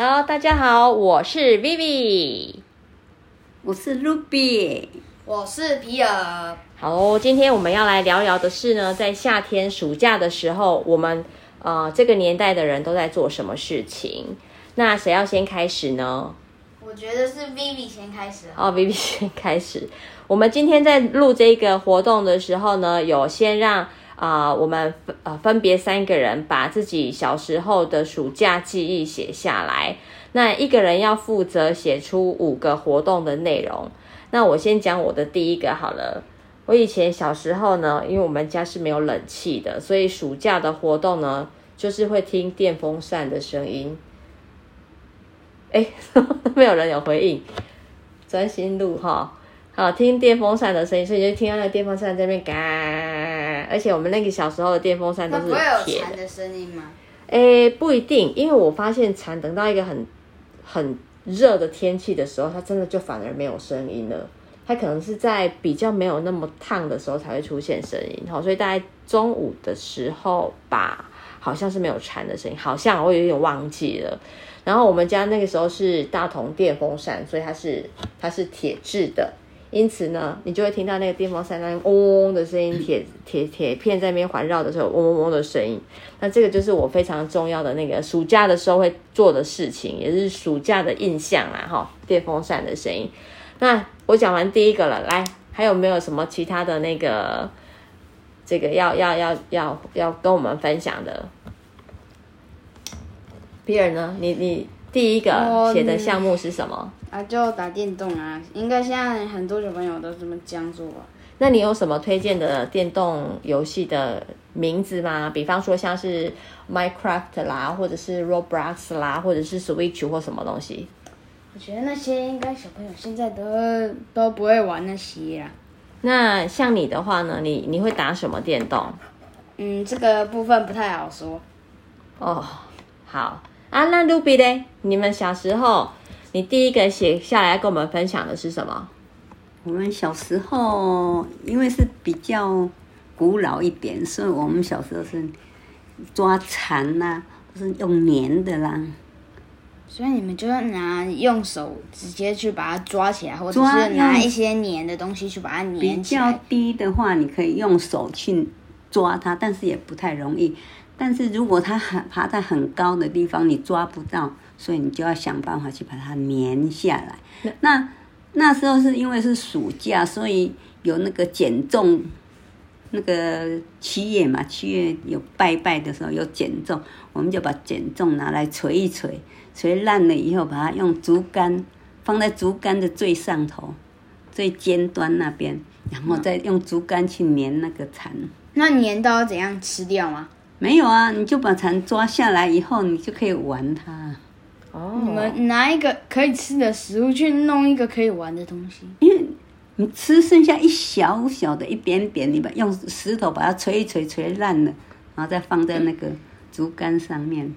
好，大家好，我是 Vivi，我是 Ruby，我是皮爾。好，今天我們要來聊聊的是呢，在夏天暑假的時候，我們呃這個年代的人都在做什麼事情？那誰要先開始呢？我覺得是 Vivi 先開始哦，Vivi 先開始。我們今天在錄這個活動的時候呢，有先讓。啊、呃，我們啊，呃分別三個人把自己小時候的暑假記憶寫下來。那一個人要負責寫出五個活動的內容。那我先講我的第一個好了。我以前小時候呢，因為我們家是沒有冷氣的，所以暑假的活動呢，就是會聽電風扇的聲音。哎，沒有人有回應，專心錄哈。好，聽電風扇的聲音，所以就聽到那電風扇在那邊，嘎而且我們那個小時候的電風扇都是鐵的。會有蟬的聲音嗎？誒、欸，不一定，因為我發現蟬等到一個很很熱的天氣的時候，它真的就反而沒有聲音了。它可能是在比較沒有那麼燙的時候才會出現聲音。好，所以大概中午的時候吧，好像是沒有蟬的聲音，好像我有點忘記了。然後我們家那個時候是大同電風扇，所以它是它是鐵製的。因此呢，你就會聽到那個電風扇那嗡嗡嗡的聲音，鐵鐵鐵片在那邊環繞的時候，嗡嗡嗡的聲音。那這個就是我非常重要的那個暑假的時候會做的事情，也是暑假的印象啦。哈，電風扇的聲音。那我講完第一個了，來，還有沒有什麼其他的那個這個要要要要要跟我們分享的？比爾呢？你你第一個寫的項目是什麼？Oh, 啊，就打電動啊！應該現在很多小朋友都這麼僵住了。那你有什麼推薦的電動遊戲的名字嗎？比方說像是 Minecraft 啦，或者是 Roblox 啦，或者是 Switch 或什麼東西？我覺得那些應該小朋友現在都都不會玩那些啊。那像你的話呢？你你會打什麼電動？嗯，這個部分不太好說。哦，好啊，那 Ruby 嘞？你們小時候？你第一個寫下來跟我們分享的是什麼？我們小時候因為是比較古老一點，所以我們小時候是抓蟬吶、啊，是用粘的啦。所以你們就要拿用手直接去把它抓起來，或者是拿一些黏的東西去把它粘起來。比較低的話，你可以用手去抓它，但是也不太容易。但是如果它很爬在很高的地方，你抓不到。所以你就要想辦法去把它粘下來。那那時候是因為是暑假，所以有那個鹼粽，那個七月嘛，七月有拜拜的時候有鹼粽，我們就把鹼粽拿來捶一捶，捶爛了以後，把它用竹竿放在竹竿的最上頭、最尖端那邊，然後再用竹竿去粘那個蟬。嗯。那粘到要怎樣吃掉嗎？沒有啊，你就把蟬抓下來以後，你就可以玩它。你們拿一個可以吃的食物去弄一個可以玩的東西，因為你吃剩下一小小的、一點點，你把用石頭把它錘一錘，錘爛了，然後再放在那個竹竿上面。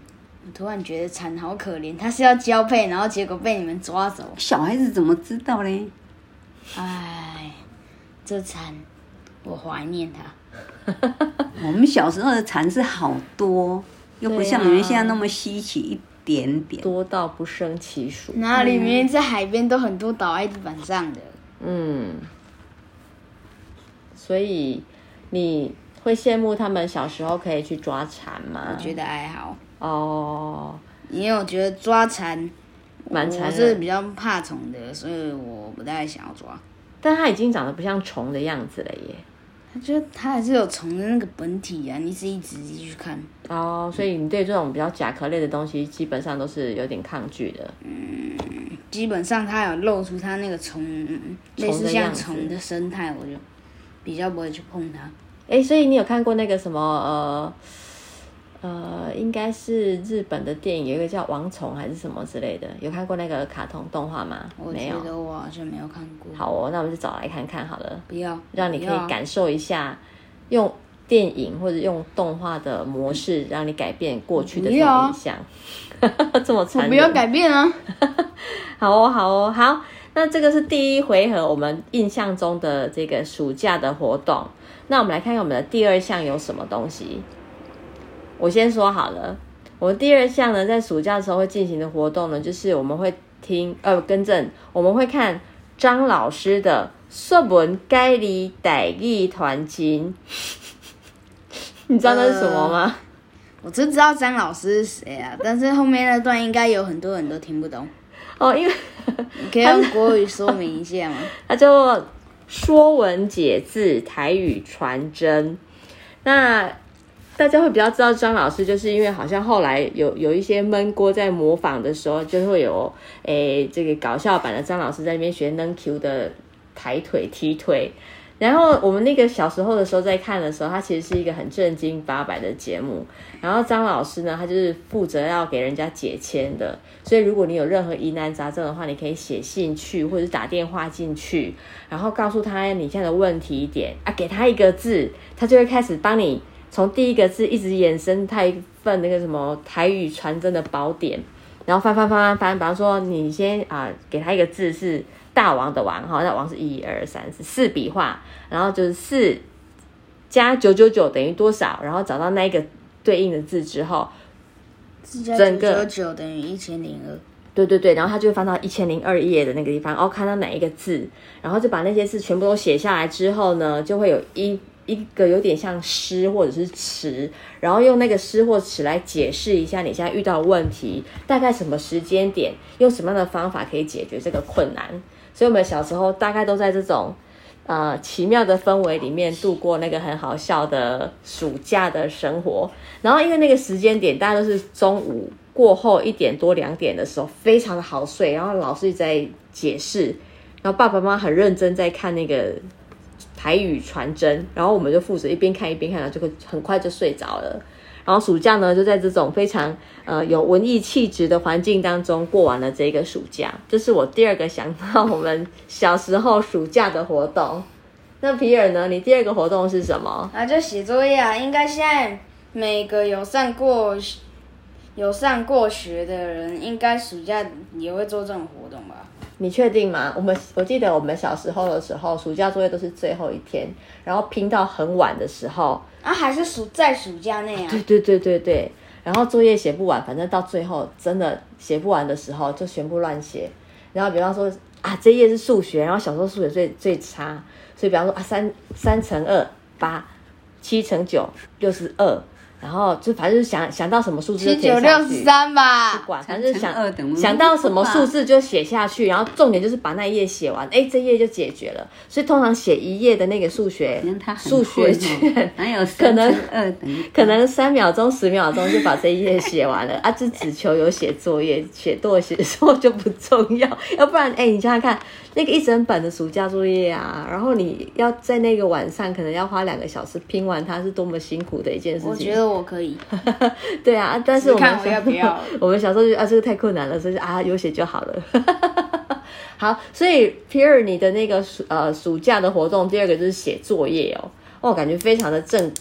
我突然覺得蠶好可憐，它是要交配，然後結果被你們抓走。小孩子怎麼知道呢？哎，這蠶，我懷念它。我們小時候的蠶是好多，又不像你們現在那麼稀奇一。點點多到不勝其數，那、嗯、裡面在海邊都很多倒在地板上的。嗯，所以你會羨慕他們小時候可以去抓蟬嗎？我覺得還好。哦，因為我覺得抓蟬蠻，我是比較怕蟲的，所以我不太想要抓。但它已經長得不像蟲的樣子了耶。覺得它得他還是有蟲的那個本體呀、啊，你是一直繼續看。哦，所以你對這種比較甲殼類的東西基本上都是有點抗拒的。嗯，基本上它有露出它那個蟲，類似像蟲的生態，我就比較不會去碰它。哎、欸，所以你有看過那個什麼呃？呃，應該是日本的電影，有一個叫《王蟲》還是什麼之類的，有看過那個卡通動畫嗎？我記得我好像沒有看過。好、哦，那我們就找來看看好了，不要讓你可以感受一下、啊、用電影或者用動畫的模式，讓你改變過去的這個印象，不要啊、 這麼慘，不要改變啊！ 好哦，好哦，好，那這個是第一回合我們印象中的這個暑假的活動，那我們來看看我們的第二項有什麼東西。我先說好了，我們第二項呢，在暑假的時候會進行的活動呢，就是我們會聽，呃，更正，我們會看張老師的《說文解字台語傳真》， 你知道那是什麼嗎？呃、我只知道張老師是誰啊， 但是後面那段應該有很多人都聽不懂哦，因為你可以用國語說明一下嘛，它就說文解字台語傳真》，那。大家會比較知道張老師，就是因為好像後來有有一些悶鍋在模仿的時候，就會有誒、欸、這個搞笑版的張老師在那邊學 NQ 的抬腿踢腿。然後我們那個小時候的時候在看的時候，它其實是一個很正經八百的節目。然後張老師呢，他就是負責要給人家解籤的，所以如果你有任何疑難雜症的話，你可以寫信去，或者打電話進去，然後告訴他你現在的問題點啊，給他一個字，他就會開始幫你。從第一個字一直延伸，他一份那個什麼台語傳真的寶典，然後翻翻翻翻翻，比方說你先啊、呃，給他一個字是大王的王哈，大、哦，王是一二三四四筆畫，然後就是四加九九九等於多少，然後找到那一個對應的字之後，加九九九整個九等於一千零二，對對對，然後他就翻到一千零二頁的那個地方，哦，看到哪一個字，然後就把那些字全部都寫下來之後呢，就會有一。一個有點像詩或者是詞，然後用那個詩或詞來解釋一下你現在遇到的問題，大概什麼時間點，用什麼樣的方法可以解決這個困難。所以，我們小時候大概都在這種呃奇妙的氛圍裡面度過那個很好笑的暑假的生活。然後，因為那個時間點，大家都是中午過後一點多、兩點的時候，非常的好睡。然後老師在解釋，然後爸爸媽媽很認真在看那個。台語傳真，然後我們就負責一邊看一邊看，然後就會很快就睡着了。然後暑假呢，就在這種非常呃有文藝氣質的環境當中過完了這個暑假。這是我第二個想到我們小時候暑假的活動。那皮爾呢？你第二個活動是什麼？啊，就寫作業啊。應該現在每個有上過有上過學的人，應該暑假也會做這種活動吧？你確定嗎？我們我記得我們小時候的時候，暑假作業都是最後一天，然後拼到很晚的時候，啊，還是暑在暑假那樣、啊啊。對對對對對，然後作業寫不完，反正到最後真的寫不完的時候，就全部亂寫。然後比方說啊，這一頁是數學，然後小時候數學最最差，所以比方說啊，三三乘二八，七乘九六十二。然後就反正是想想到什麼數字就寫下去吧，不管反正是想想，想到什麼數字就寫下去，嗯。然後重點就是把那一頁寫完，哎，這一頁就解決了。所以通常寫一頁的那個數學、哦、數學卷，可能可能三秒鐘、十秒鐘就把這一頁寫完了。 啊，就只求有寫作業，寫多寫少就不重要。要不然，哎，你想想看。那個一整本的暑假作業啊，然後你要在那個晚上可能要花兩個小時拼完，它是多麼辛苦的一件事情。我覺得我可以， 對啊，但是我們我，要不要 我們小時候就啊，這個太困難了，所以啊，有寫就好了。哈哈哈。好，所以皮爾，你的那個暑呃暑假的活動，第二個就是寫作業哦，我、哦、感覺非常的正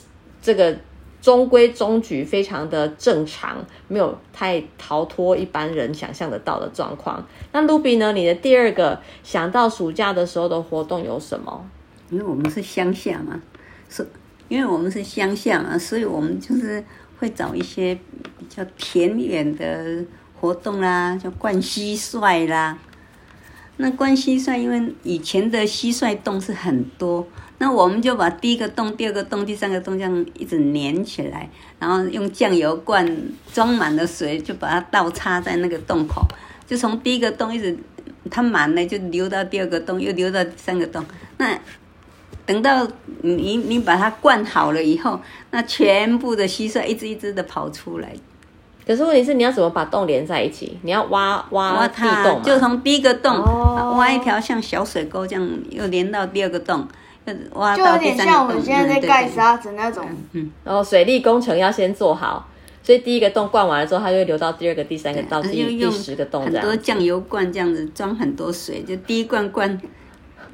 這個。中規中矩，非常的正常，沒有太逃脫一般人想象得到的狀況。那 Ruby 呢？你的第二個想到暑假的時候的活動有什麼？因為我們是鄉下嘛，因為我們是鄉下啊，所以我們就是會找一些比較田園的活動啦，叫灌蟋蟀啦。那關蟋蟀，因為以前的蟋蟀洞是很多，那我們就把第一個洞、第二個洞、第三個洞這樣一直連起來，然後用醬油罐，裝滿了水，就把它倒插在那個洞口，就從第一個洞一直它滿了就流到第二個洞，又流到第三個洞。那等到你你把它灌好了以後，那全部的蟋蟀一隻一隻的跑出來。可是問題是，你要怎麼把洞連在一起？你要挖挖挖地洞，就從第一個洞挖一條像小水溝這樣，又連到第二個洞，挖到第三個洞。就有點像我們現在在蓋沙子那種。嗯。然後、嗯嗯哦、水利工程要先做好，所以第一個洞灌完了之後，它就會流到第二個、第三個到第、啊、第十個洞，很多醬油罐這樣子裝很多水，就第一罐灌。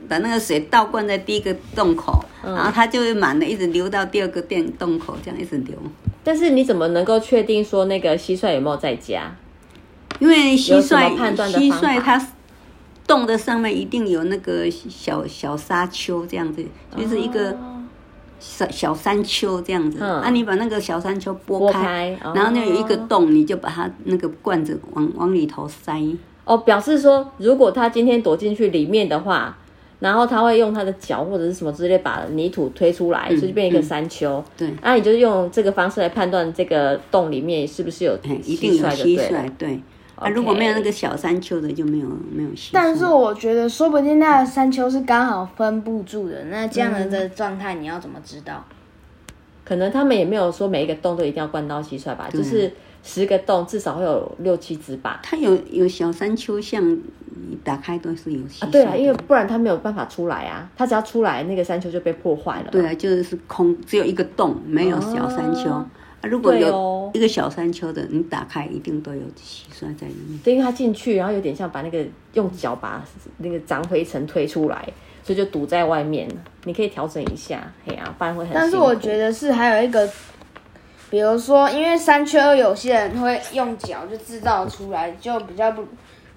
把那個水倒灌在第一個洞口，嗯、然後它就會滿了，一直流到第二個洞洞口，這樣一直流。但是你怎麼能夠確定說那個蟋蟀有沒有在家？因為蟋蟀，蟋蟀它洞的上面一定有那個小小沙丘這樣子，哦、就是一個小小山丘這樣子。嗯、啊，你把那個小山丘撥開，撥開然後那有一個洞、哦，你就把它那個罐子往往裡頭塞。哦，表示說如果它今天躲進去裡面的話。然後他會用他的腳或者是什麼之類把泥土推出來，嗯，所以就變一個山丘。嗯、對，那、啊、你就用這個方式來判斷這個洞裡面是不是有，欸，一定有蟋蟀。對、okay，啊，如果沒有那個小山丘的就沒有沒有蟋蟀。但是我覺得說不定那個山丘是剛好分布住的，那這樣的狀態你要怎麼知道，嗯嗯？可能他們也沒有說每一個洞都一定要灌到蟋蟀吧，就是。十個洞至少會有六七隻吧。它有有小山丘像，像你打開都是有蟋蟀、啊。對啊，因為不然它沒有辦法出來啊，它只要出來那個山丘就被破壞了。對啊，就是空只有一個洞，沒有小山丘啊，啊。如果有一個小山丘的，哦、你打開一定都有蟋蟀在裡面。對，因為它進去，然後有點像把那個用腳把那個髒灰塵推出來，所以就堵在外面了。你可以調整一下，嘿啊，不然會很。但是我覺得是還有一個。比如說，因為三缺二有些人會用腳就制造出來，就比較不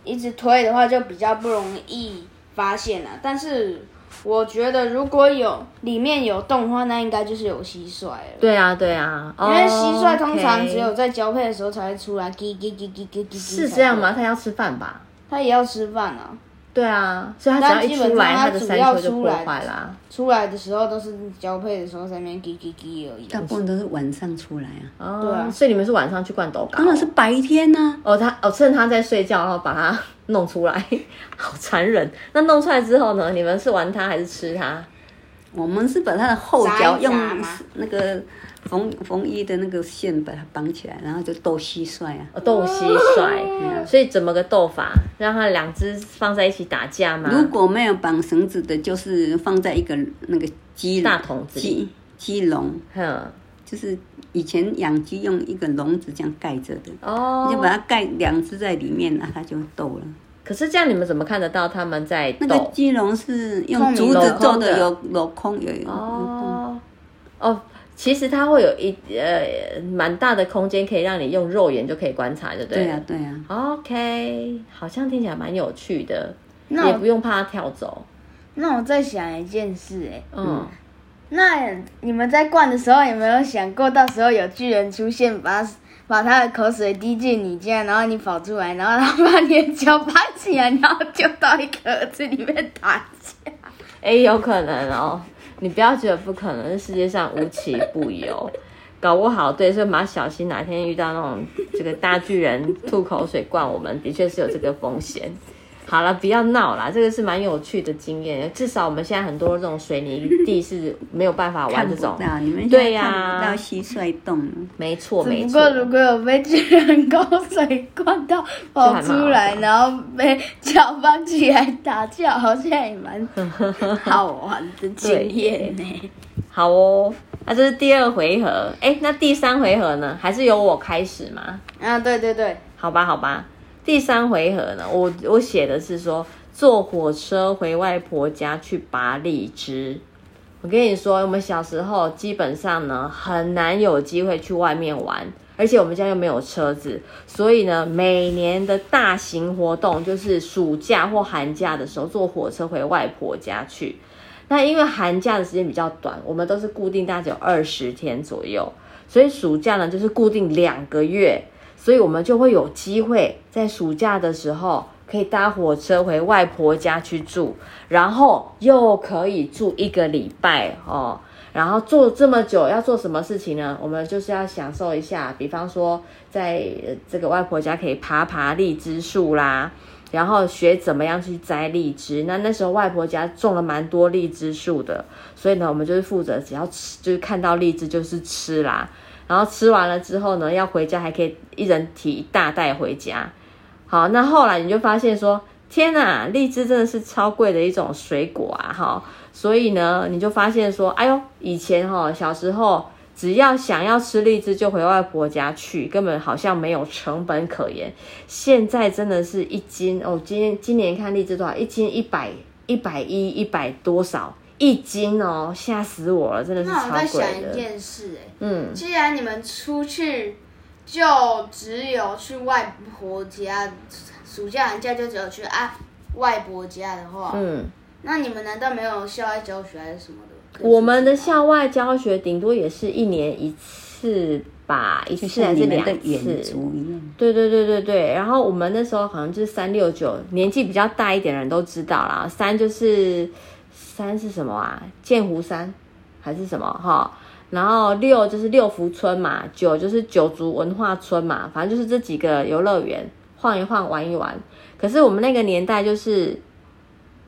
一直推的話，就比較不容易發現了、啊。但是我覺得如果有裡面有洞的話，那應該就是有蟋蟀。對啊，對啊，因為蟋蟀通常只有在交配的時候才會出來，嘰嘰嘰嘰嘰嘰。是這樣嗎？它要吃飯吧？它也要吃飯啊。對啊，所以它只要一出來，它的三球就破壞了、啊。出來的時候都是交配的時候，在那邊嘰嘰嘰而已。大部分都是晚上出來啊。哦，對啊、所以你們是晚上去灌斗缸？當然是白天呢？、啊。哦，他哦，趁他在睡覺，然後把它弄出來， 好殘忍。那弄出來之後呢？你們是玩它還是吃它？我們是把它的後腳用那個。縫縫衣的那個線把它綁起來，然後就鬥蟋蟀啊。哦，鬥蟋蟀，啊、所以怎麼個鬥法？讓它兩隻放在一起打架嗎？如果沒有綁繩子的，就是放在一個那個雞大桶子雞雞籠，嗯，就是以前養雞用一個籠子這樣蓋着的哦，你就把它蓋兩隻在裡面，那、啊、它就鬥了。可是這樣你們怎麼看得到它們在鬥？那個雞籠是用竹子做的，有的，有鏤空，有哦哦。哦其實它會有一呃蠻大的空間，可以讓你用肉眼就可以觀察對，對不、啊、對？對呀，對呀。OK，好像聽起來蠻有趣的，那我你也不用怕它跳走。那我在想一件事、欸，哎、嗯，嗯，那你們在灌的時候有沒有想過，到時候有巨人出現把，把把他的口水滴進你家，然後你跑出來，然後他把你的腳搬起來，然後就到一個盒子裡面打架？哎、欸，有可能哦。 你不要覺得不可能，是世界上無奇不有，搞不好對，所以馬小西哪天遇到那種這個大巨人吐口水灌我們，的確是有這個風險。好了，不要鬧了。這個是蠻有趣的經驗。至少我們現在很多的這種水泥地是沒有辦法玩這種，對呀，有沒有到，到蟋蟀洞，沒錯，沒錯。不過如果有被巨人高水灌到跑出來，然後被攪放起來打叫，好像也蠻好玩的經驗呢 好哦，那、啊、這是第二回合，哎，那第三回合呢？還是由我開始嗎？啊，對對對，好吧，好吧。第三回合呢，我我寫的是說，坐火車回外婆家去拔荔枝。我跟你說，我們小時候基本上呢很難有機會去外面玩，而且我們家又沒有車子，所以呢每年的大型活動就是暑假或寒假的時候坐火車回外婆家去。那因為寒假的時間比較短，我們都是固定大概有二十天左右，所以暑假呢就是固定兩個月。所以，我們就會有機會在暑假的時候，可以搭火車回外婆家去住，然後又可以住一個禮拜哦。然後住這麼久要做什麼事情呢？我們就是要享受一下，比方說，在這個外婆家可以爬爬荔枝樹啦，然後學怎麼樣去摘荔枝。那那時候外婆家種了蠻多荔枝樹的，所以呢，我們就是負責只要吃，就是看到荔枝就是吃啦。然後吃完了之後呢，要回家還可以一人提一大袋回家。好，那後來你就發現說，天哪，荔枝真的是超貴的一種水果啊！哈、哦，所以呢，你就發現說，哎呦，以前哦，小時候只要想要吃荔枝就回外婆家去，根本好像沒有成本可言。現在真的是一斤哦，今天今年看荔枝多少，一斤一百、一百一、一百多少。一斤哦，嚇、嗯、死我了，真的是超貴的。那我在想一件事，哎、欸，嗯，既然你們出去就只有去外婆家，暑假寒假就只有去啊外婆家的話，嗯，那你們難道沒有校外教學還是什麼的？的我們的校外教學頂多也是一年一次吧，次一次還是兩次？嗯、對，對對對對對。然後我們那時候好像就是三六九，年紀比較大一點的人都知道啦。三就是。三是什麼啊？劍湖山還是什麼哈？然後六就是六福村嘛，九就是九族文化村嘛，反正就是這幾個遊樂園，晃一晃，玩一玩。可是我們那個年代就是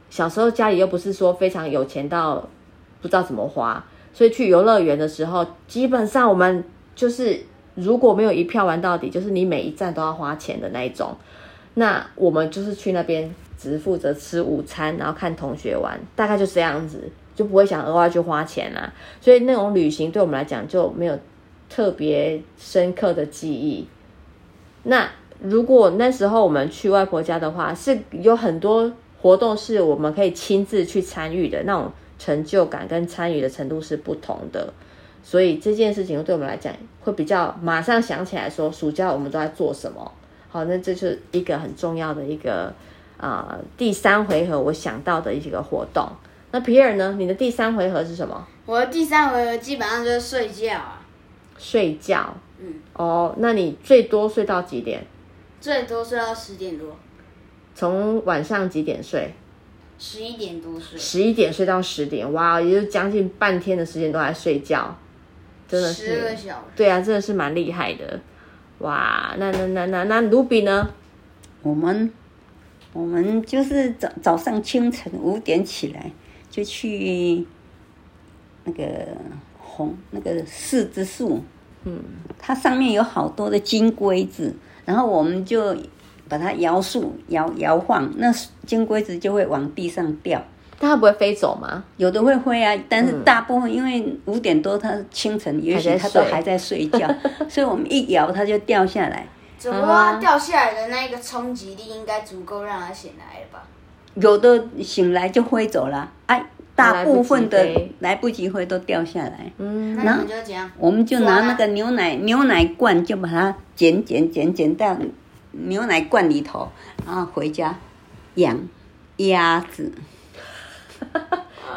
小時候家裡又不是說非常有錢到不知道怎麼花，所以去遊樂園的時候，基本上我們就是如果沒有一票玩到底，就是你每一站都要花錢的那一種。那我們就是去那邊。只負責吃午餐，然後看同學玩，大概就是這樣子，就不會想額外去花錢啦、啊。所以那種旅行對我們來講就沒有特別深刻的記憶。那如果那時候我們去外婆家的話，是有很多活動是我們可以親自去參與的那種成就感跟參與的程度是不同的。所以這件事情對我們來講會比較馬上想起來說，說暑假我們都在做什麼。好，那這就是一個很重要的一個。啊、呃，第三回合我想到的一些個活動。那皮爾呢？你的第三回合是什麼？我的第三回合基本上就是睡覺啊。睡覺。嗯。哦，那你最多睡到幾點？最多睡到十點多。從晚上幾點睡？十一點多睡。十一點睡到十點，哇，也就將近半天的時間都在睡覺，真的是。十個小時。對啊，真的是蠻厲害的。哇，那那那那那盧比呢？我們。我們就是早早上清晨五點起來就去那個紅，那個紅那個柿子樹，嗯，它上面有好多的金龜子，然後我們就把它搖樹搖搖晃，那金龜子就會往地上掉。它不會飛走嗎？有的會飛啊，但是大部分因為五點多它清晨，也、嗯、許它都還在睡覺，睡 所以我們一搖它就掉下來。只不過掉下來的那個衝擊力應該足夠讓它醒來了吧。有的醒來就飛走了，啊，大部分的來不及飛都掉下來。嗯，然後那我們我們就拿那個牛奶牛奶罐就把它撿撿撿撿撿到牛奶罐裡頭，然後回家養鴨子。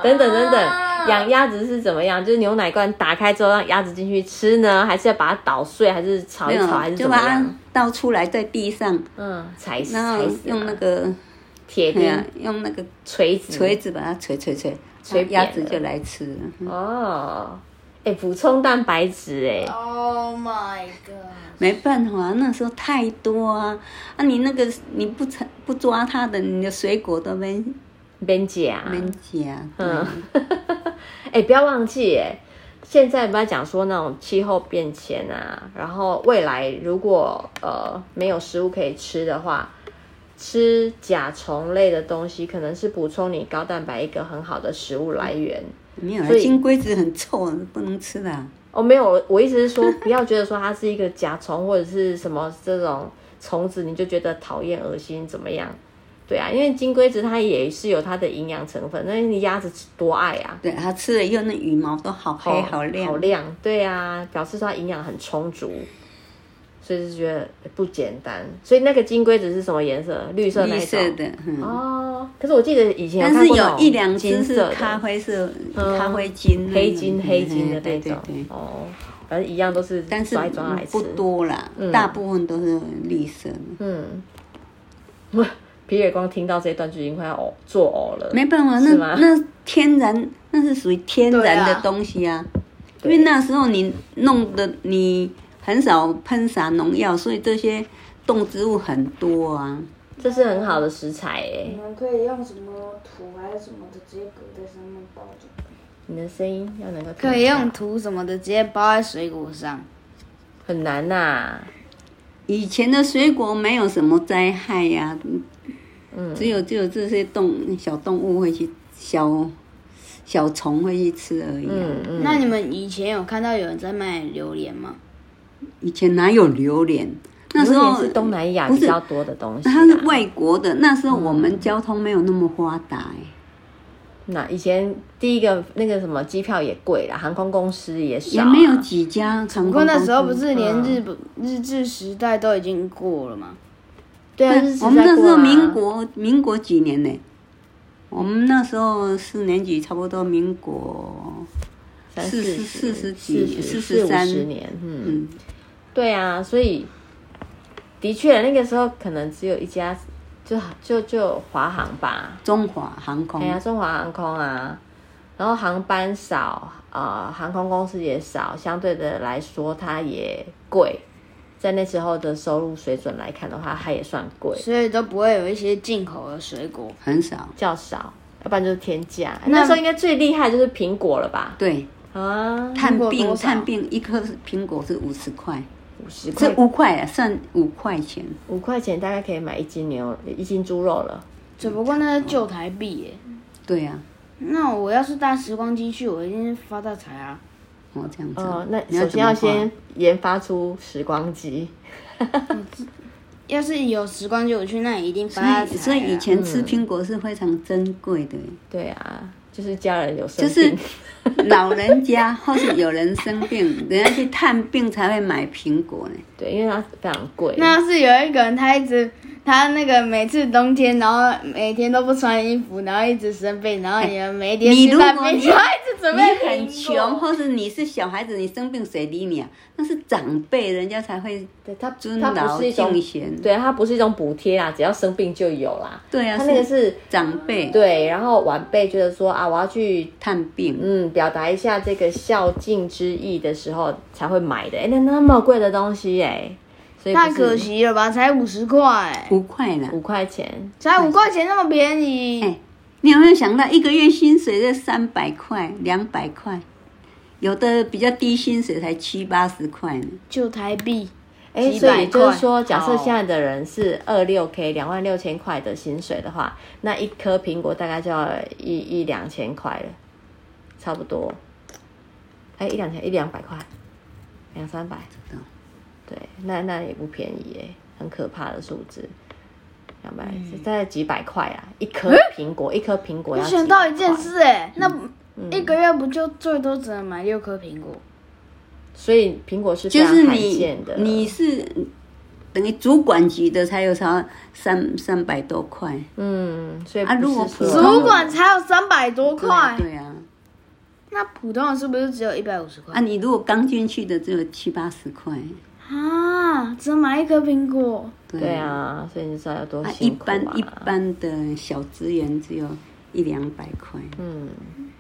等等等等，養鴨子是怎麼樣？就是牛奶罐打開之後讓鴨子進去吃呢，還是要把它搗碎，還是炒一炒，還是就把它倒出來在地上，嗯，踩死，然後用那個、啊、鐵釘，用那個錘子，錘子，錘子把它錘錘錘，鴨子就來吃。哦，哎、嗯，補充蛋白質，哎，Oh my God，沒辦法，那時候太多啊。啊，你那個你不成不抓它的，你的水果都沒。邊界啊，邊界啊，嗯，哎、嗯 欸，不要忘記哎，現在不要講說那種氣候變遷啊，然後未來如果呃沒有食物可以吃的話，吃甲蟲類的東西可能是補充你高蛋白一個很好的食物來源。嗯、沒有所以，金龜子很臭，啊，不能吃的、啊。哦，沒有，我意思是說，不要覺得說它是一個甲蟲 或者是什麼這種蟲子，你就覺得討厭、噁心，怎麼樣？對啊，因為金龜子它也是有它的營養成分，那你鴨子多愛啊，對它吃了以後，那羽毛都好黑好亮、哦，好亮。對啊，表示說它營養很充足，所以就覺得不簡單。所以那個金龜子是什麼顏色？綠色綠色的、嗯、哦，可是我記得以前但是有一兩金色、咖啡色，色嗯、咖啡金、黑金、黑金的那種、嗯對對對。哦，反正一樣都是衰衰，但是不多啦、嗯，大部分都是綠色嗯嗯。嗯 李月光聽到這一段就已經快要嘔作嘔了，沒辦法，那是那天然，那是屬於天然的東西啊，啊，因為那時候你弄的你很少噴灑農藥，所以這些動植物很多啊，這是很好的食材哎、欸。你們可以用什麼土還是什麼的直接裹在上面包著？你的聲音要能夠可以用土什麼的直接包在水果上，很難吶、啊。以前的水果沒有什麼災害呀、啊。只有只有這些動小動物會去，小小蟲會去吃而已，啊嗯嗯。那你們以前有看到有人在賣榴蓮嗎？以前哪有榴蓮？那時候是東南亞比較多的東西的，啊，它是外國的。那時候我們交通沒有那麼發達，欸嗯。那以前第一個那個什麼機票也貴啦，航空公司也少，啊，也沒有幾家航空公司。不過那時候不是連日本、嗯、日治時代都已經過了嗎？對、啊，我們那時候民國、啊，民國幾年呢？我們那時候四年級，差不多民國四四十四十幾，四十，四十三四十年嗯，嗯，對啊，所以的確那個時候可能只有一家，就就就華航吧，中華航空，哎呀，中華航空啊，然後航班少，啊、呃，航空公司也少，相對的來說，它也貴。在那時候的收入水準來看的話，它也算貴，所以都不會有一些進口的水果，很少，較少，要不然就是天價，欸。那時候應該最厲害就是蘋果了吧？對啊，探病探病一顆蘋果是五十塊，五十塊這五塊啊，算五塊錢，五塊錢大概可以買一斤牛一斤豬肉了。只不過那是舊台幣耶，欸。對呀，啊，那我要是搭時光機去，我一定發大財啊！這樣子哦，那首先要先研發出時光機。 要是有時光機，我去那裡一定發財、啊、所以，所以以前吃蘋果是非常珍貴的。對啊，就是家人有生病就是老人家 或是有人生病，人家去探病才會買蘋果呢。對，因為它非常貴。那是有一個人，他一直他那個每次冬天，然後每天都不穿衣服，然後一直生病，然後也沒點。 你如果一直準備很窮，或是你是小孩子，你生病誰理你啊？那是長輩，人家才會對他尊老敬賢。對他不是一種補貼啊，只要生病就有啦。對啊，這那個是，是長輩。對，然後晚輩覺得說啊，我要去探病，嗯，表達一下這個孝敬之意的時候才會買的。哎、欸，那那麼貴的東西、啊。太可惜了吧！才五十塊，五塊呢，五塊錢，才五塊錢，那麼便宜、欸。你有沒有想到，一個月薪水在三百塊、兩百塊，有的比較低薪水才七八十塊呢？就台幣，哎、欸，所以就是說，假設現在的人是二六 K，兩萬六千塊的薪水的話，那一顆蘋果大概就要一一兩千塊了，差不多，哎、欸，一兩千，一兩百塊，兩三百。對，那那也不便宜耶，很可怕的數字，兩百、嗯、再幾百塊啊！一顆蘋果，欸、一顆蘋果。我想到一件事哎、欸，那、嗯、一個月不就最多只能買六顆蘋果？所以蘋果是的就是你，你是等於主管級的才有才三三百多塊，嗯，所以不啊，如果主管才有三百多塊，對啊，那普通人是不是只有一百五十塊？啊，你如果剛進去的只有七八十塊。啊，只買一顆蘋果對，對啊，所以你知道要多少？一般一般的小資源只有一兩百塊。嗯，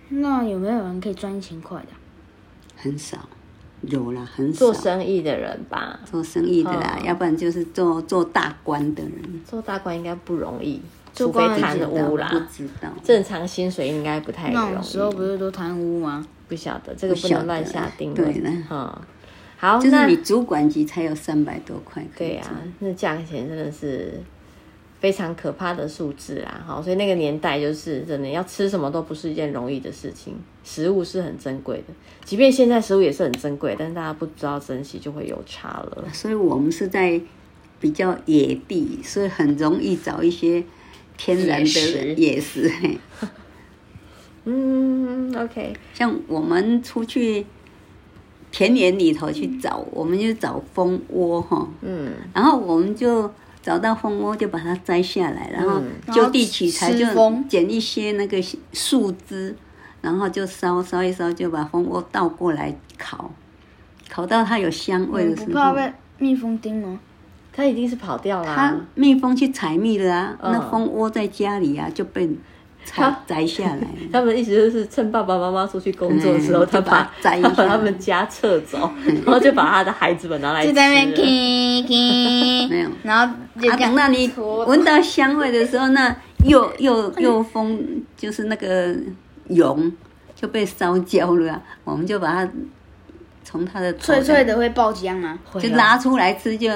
那有沒有人可以賺一千塊的？很少，有啦，很少。做生意的人吧，做生意的啦，嗯，要不然就是做做大官的人。做大官應該不容易，除非貪污啦不。不知道，正常薪水應該不太容易。有時候不是都貪污，污嗎不？不曉得，這個不能亂下定論。啊。對那就是你主管級才有三百多塊，對啊，那價錢真的是非常可怕的數字啊！所以那個年代就是真的要吃什麼都不是一件容易的事情，食物是很珍貴的，即便現在食物也是很珍貴，但是大家不知道珍惜就會有差了。所以我們是在比較野地，所以很容易找一些天然的野食。野食 嗯，OK，像我們出去。田野裡頭去找、嗯，我們就找蜂窩哈，嗯，然後我們就找到蜂窩，就把它摘下來，嗯、然後就地取材，就撿一些那個樹枝，然後就燒燒一燒，就把蜂窩倒過來烤，烤到它有香味的時候。嗯、不怕被蜜蜂叮嗎？它一定是跑掉了、啊。它蜜蜂去採蜜了啊，那蜂窩在家裡啊，就被。他摘下來，他們意思就是趁爸爸媽媽出去工作的時候，嗯、把他把摘下，他把他們家撤走、嗯，然後就把他的孩子們拿來吃。 就在那邊聽，聽， 沒有。然後就，就、啊、等那你聞到香味的時候，那又又又風，風就是那個蛹就被燒焦了、啊。我們就把它從它的脆脆的會爆漿嗎？就拿出來吃就。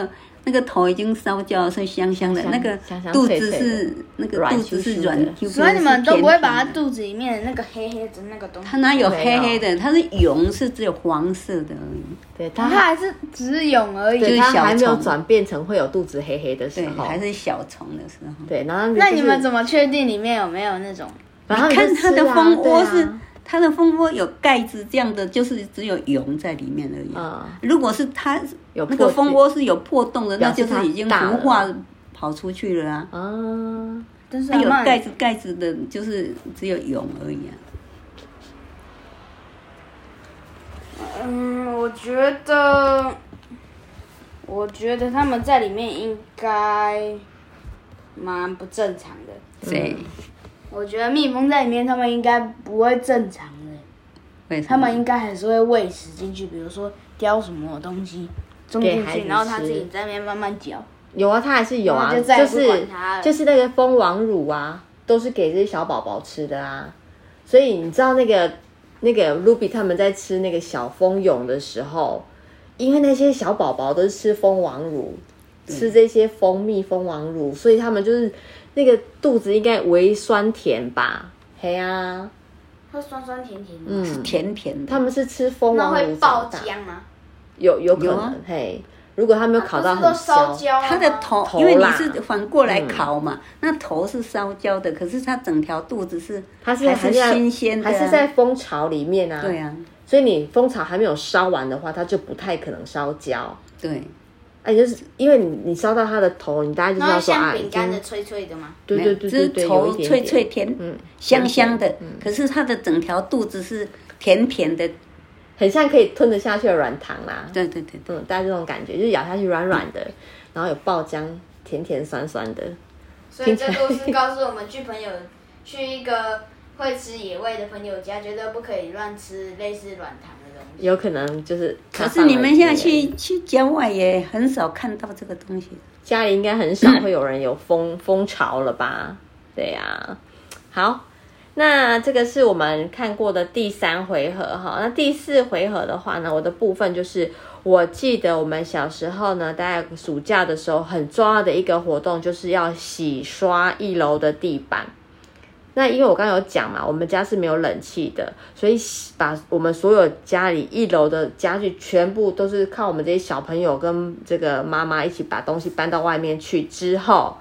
那個頭已經燒焦，是香香的，香、那個肚子，是香、香脆脆的。那個肚子是那個肚子是軟，所以你們都不會把它肚子裡面的那個黑黑的那個東西。它哪有黑黑的？它是蛹，是只有黃色的而已。對，它、它、啊、還是只是蛹而已。就是還沒有轉變成會有肚子黑黑的時候。對，還是小蟲的時候。對，然後你、就是、那你們怎麼確定裡面有沒有那種？然後你、啊、你看它的蜂窩是，它、啊、的蜂窩有蓋子，這樣的就是只有蛹在裡面而已。嗯、如果是它。有那個蜂窩是有破洞的，那就是已經孵化，跑出去了啊！嗯，但是有蓋子，蓋子的就是只有蛹而已啊。嗯，我覺得，我覺得他們在裡面應該蠻不正常的。對、嗯，我覺得蜜蜂在裡面，他們應該不會正常的。為什麼？他們應該還是會餵食進去，比如說叼什麼東西。給孩子，給孩子，然後他自己在那邊慢慢嚼。有啊，他還是有啊，就，在就是就是那個蜂王乳啊，都是給這些小寶寶吃的啊。所以你知道那個那個 Ruby 他們在吃那個小蜂蛹的時候，因為那些小寶寶都是吃蜂王乳、嗯，吃這些蜂蜜蜂王乳，所以他們就是那個肚子應該微酸甜吧？嘿啊，會酸酸甜甜，甜，嗯，甜甜的。他們是吃蜂王乳，會爆漿嗎？有有可能有、啊、嘿，如果他沒有烤到很燒焦、啊。他的頭，頭，因為你是反過來烤嘛，嗯、那頭是燒焦的，可是他整條肚子是，它是還，還是新鮮的、啊，還是在蜂巢裡面啊？對啊，所以你蜂巢還沒有燒完的話，它就不太可能燒焦。對，哎，就是因為你你燒到它的頭，你大家就知道說啊，餅乾的脆脆的嘛。對對對，對,對,對,對，就是頭脆脆甜點點，嗯，香香的，對對對嗯、可是它的整條肚子是甜甜的。很像可以吞得下去的軟糖啦，啊，對對對，對，嗯，大概這種感覺，就是咬下去軟軟的，嗯，然後有爆漿，甜甜酸酸的。所以這故事告訴我們，去朋友 去一個會吃野味的朋友家，絕對不可以亂吃類似軟糖的東西。有可能就是。可是你們現在去去郊外也很少看到這個東西，家裡應該很少會有人有蜂蜂巢了吧?對呀，啊，好。那這個是我們看過的第三回合哈，那第四回合的話呢，我的部分就是，我記得我們小時候呢，大概暑假的時候很重要的一個活動就是要洗刷一樓的地板。那因為我剛有講嘛，我們家是沒有冷氣的，所以把我們所有家裡一樓的家具全部都是靠我們這些小朋友跟這個媽媽一起把東西搬到外面去之後，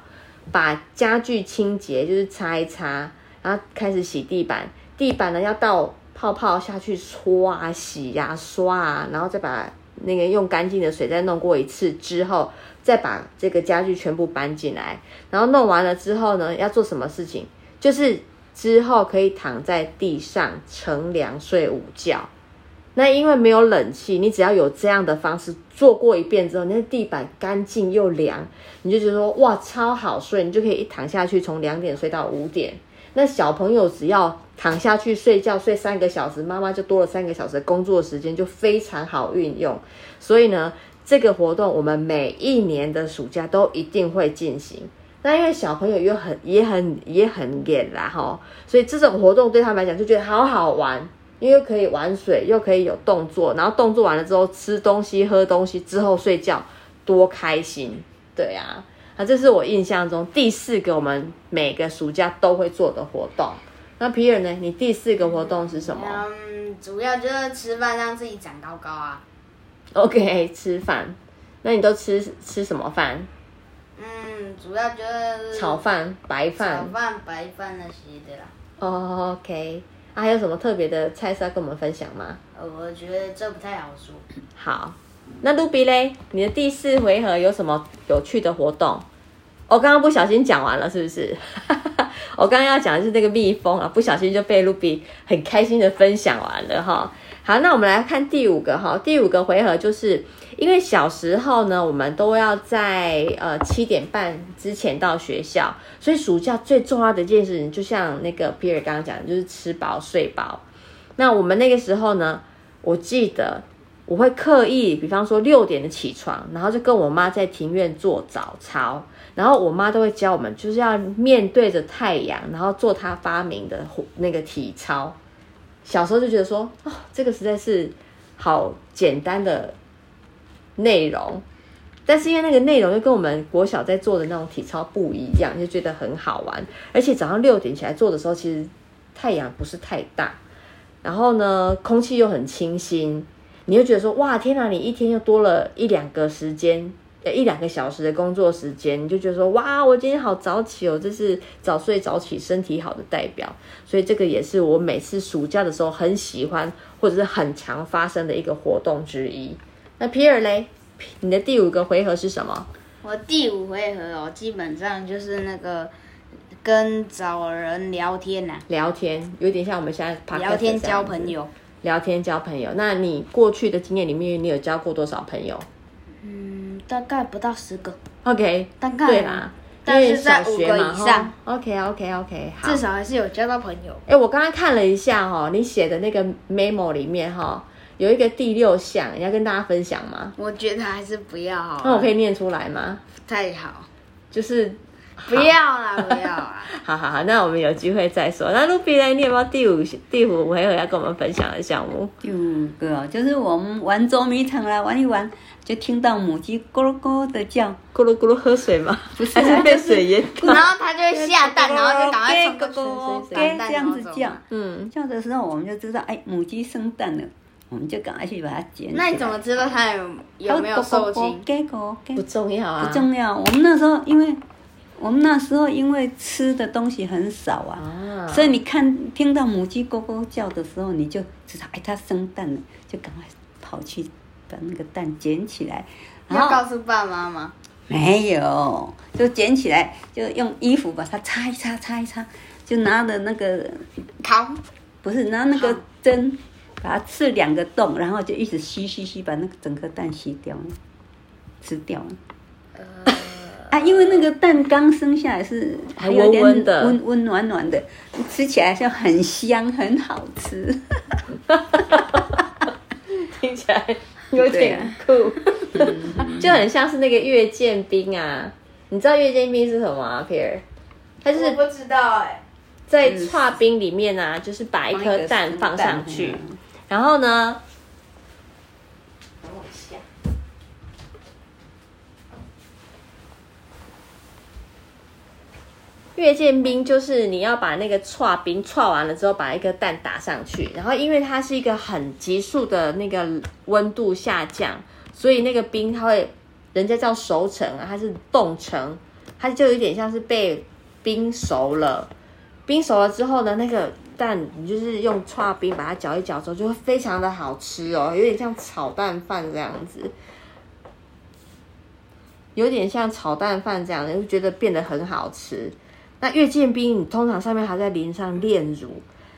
把家具清潔，就是擦一擦。然後開始洗地板，地板呢要倒泡泡下去搓啊洗啊刷啊，然後再把那個用乾淨的水再弄過一次之後，再把這個家具全部搬進來。然後弄完了之後呢，要做什麼事情？就是之後可以躺在地上乘涼睡午覺。那因為沒有冷氣，你只要有這樣的方式做過一遍之後，那地板乾淨又涼，你就覺得說哇，超好睡，你就可以一躺下去，從兩點睡到五點。那小朋友只要躺下去睡覺，睡三個小時，媽媽就多了三個小時的工作時間，就非常好運用。所以呢，這個活動我們每一年的暑假都一定會進行。那因為小朋友又很也很也很野啦，所以這種活動對他們來講就覺得好好玩，因為可以玩水，又可以有動作，然後動作完了之後吃東西、喝東西之後睡覺，多開心，對呀、啊。啊，這是我印象中第四個我們每個暑假都會做的活動。那皮爾呢？你第四個活動是什麼？嗯，嗯，主要就是吃飯，讓自己長高高啊。OK，吃飯。那你都吃吃什麼飯？嗯，主要就是炒飯、白飯、炒飯、白飯那些對啦。哦、oh，OK。啊，還有什麼特別的菜色要跟我們分享嗎？我覺得這不太好說。好。那露比嘞，你的第四回合有什麼有趣的活動？我剛剛不小心講完了，是不是？我剛剛要講的是那個蜜蜂啊，不小心就被露比很開心的分享完了哈。好，那我們來看第五個哈，第五個回合就是因為小時候呢，我們都要在呃七點半之前到學校，所以暑假最重要的一件事情，就像那個皮爾剛剛講的，就是吃飽睡飽。那我們那個時候呢，我記得。我會刻意，比方說六點的起床，然後就跟我媽在庭院做早操，然後我媽都會教我們，就是要面對着太陽，然後做她發明的那個體操。小時候就覺得說，哦，這個實在是好簡單的內容，但是因為那個內容又跟我們國小在做的那種體操不一樣，就覺得很好玩。而且早上六點起來做的時候，其實太陽不是太大，然後呢，空氣又很清新。你就覺得說，哇天哪，你一天又多了一兩個時間，呃一兩個小時的工作時間，你就覺得說，哇，我今天好早起哦，這是早睡早起身體好的代表，所以這個也是我每次暑假的時候很喜歡或者是很常發生的一個活動之一。那皮爾嘞，你的第五個回合是什麼？我第五回合哦，基本上就是那個跟找人聊天吶、啊，聊天，有點像我們現在、Podcast、聊天交朋友。聊天交朋友，那你過去的經驗裡面，你有交過多少朋友？嗯，大概不到十個。OK，大概對啦，但是在五個以上。哦、OK，OK，OK，、okay, okay, okay, 至少還是有交到朋友。哎、欸，我剛剛看了一下哈、哦，你寫的那個 memo 裡面哈、哦，有一個第六項，你要跟大家分享嗎？我覺得還是不要。那我可以念出來嗎？不太好，就是。不要了，不要了。好 好好，那我們有機會再說。那 Ruby 呢？你有沒有第五、第五回合要跟我們分享的項目？第五個就是我們玩捉迷藏了，玩一玩就聽到母雞咕嚕咕的叫，咕嚕咕嚕喝水嘛，不是喝水也，啊就是。然後它就會下蛋，然後就趕快咯咯咯咯這樣子叫，嗯，這樣的時候我們就知道，哎，母雞生蛋了，我們就趕快去把它撿。那你怎麼知道它有沒有受精？咯咯咯，不重要啊，不重要。我們那時候因為。我們那時候因為吃的東西很少啊，啊所以你看聽到母雞咕咕叫的時候，你就知道哎，它生蛋了，就趕快跑去把那個蛋撿起來。啊、要告訴爸爸媽媽？沒有，就撿起來，就用衣服把它擦一擦，擦一擦，就拿着那個糖，不是拿那個針把它刺兩個洞，然後就一直吸吸吸，把那個整個蛋吸掉了，吃掉了。呃啊，因為那個蛋剛生下來是還溫的，溫溫暖暖的，吃起來像很香很好吃， 聽起來有點酷， 就很像是那個月見冰啊。你知道月見冰是什麼啊，皮爾？他就是不知道哎，在剉冰裡面呢、啊，就是把一顆蛋放上去，然後呢。月見冰就是你要把那個剉冰剉完了之後，把一個蛋打上去，然後因為它是一個很急速的那個溫度下降，所以那個冰它會，人家叫熟成啊，它是凍成，它就有點像是被冰熟了。冰熟了之後呢，那個蛋你就是用剉冰把它攪一攪之後，就會非常的好吃哦，有點像炒蛋飯這樣子，有點像炒蛋飯這樣，就覺得變得很好吃。那月見冰，你通常上面還在淋上煉乳，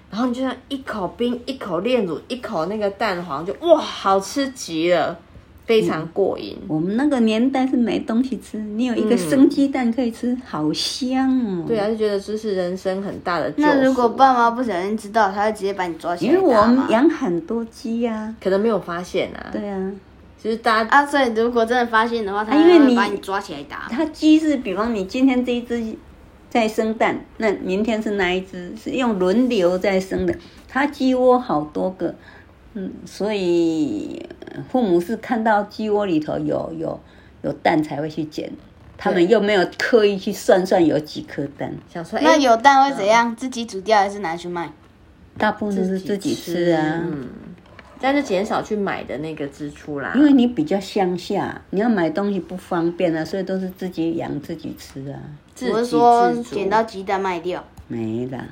然後你就像一口冰，一口煉乳，一口那個蛋黃，就哇，好吃極了，非常過癮，嗯。我們那個年代是沒東西吃，你有一個生雞蛋可以吃，嗯，好香哦。對啊，就覺得這是人生很大的。那如果爸媽不小心知道，他就直接把你抓起來。因為我們養很多雞呀，啊，可能沒有發現啊。對啊，就是大家，啊，如果真的發現的話，他因為把你抓起來打，啊。他雞是，比方你今天這一隻，在生蛋，那明天是哪一隻？是用輪流在生的。它雞窩好多個，嗯，所以父母是看到雞窩裡頭有有有蛋才會去撿。他們又沒有刻意去算算有幾顆蛋。想說，那有蛋會怎樣？哦？自己煮掉還是拿去賣？大部分都是自己吃啊，嗯，但是減少去買的那個支出啦。因為你比較鄉下，你要買東西不方便啊，所以都是自己養自己吃啊。自自我是說撿到雞蛋賣掉，沒了，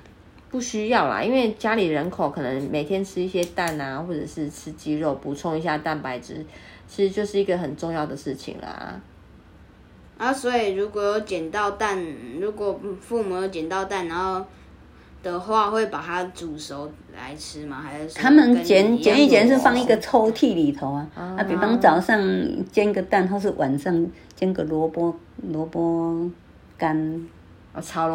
不需要啦。因為家裡人口可能每天吃一些蛋啊，或者是吃雞肉補充一下蛋白質，其實就是一個很重要的事情啦。啊，所以如果有撿到蛋，如果父母有撿到蛋，然後的話會把它煮熟來吃嗎？還是他們撿撿一撿是放一個抽屜裡頭啊？啊，啊比方早上煎個蛋，或是晚上煎個蘿蔔蘿蔔乾,啊、炒乾，炒蘿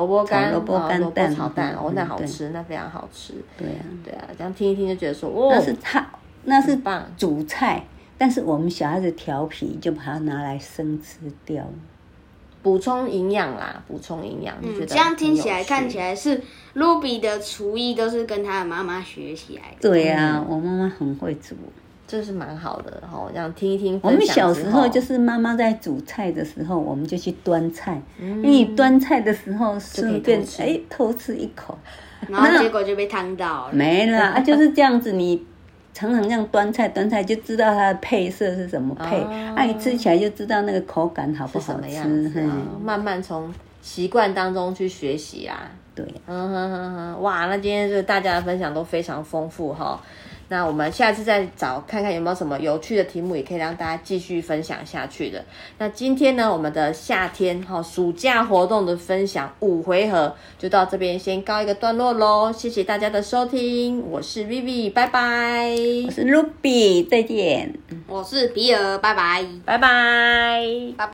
蔔乾，蘿、啊、蔔乾蛋蘿蔔炒蛋，哦，那好吃，那非常好吃對、啊。對啊，對啊，這樣聽一聽就覺得說，哦。那是他，那是把主菜，但是我們小孩子調皮，就把它拿來生吃掉，補充營養啦，補充營養。嗯，你覺得這樣聽起來看起來是露比的廚藝都是跟她的媽媽學起來。對啊、嗯，我媽媽很會煮。這是蠻好的哈、哦，這樣聽一聽。我們小時候就是媽媽在煮菜的時候，我們就去端菜。嗯、因為你端菜的時候順便，哎偷吃一口然，然後結果就被燙到了。沒啦， 啊就是這樣子，你常常這樣端菜端菜，就知道它的配色是怎麼配，那、哦啊、你吃起來就知道那個口感好不好吃麼樣、哦。慢慢從習慣當中去學習啊。對，嗯哼哼哼。哇，那今天就大家的分享都非常豐富哈。哦那我們下次再找看看有沒有什麼有趣的題目，也可以讓大家繼續分享下去的。那今天呢，我們的夏天哈、哦、暑假活動的分享五回合就到這邊先告一個段落嘍。謝謝大家的收聽，我是 Vivi，拜拜。我是 Ruby，再見。我是比爾，拜拜。拜拜。拜拜。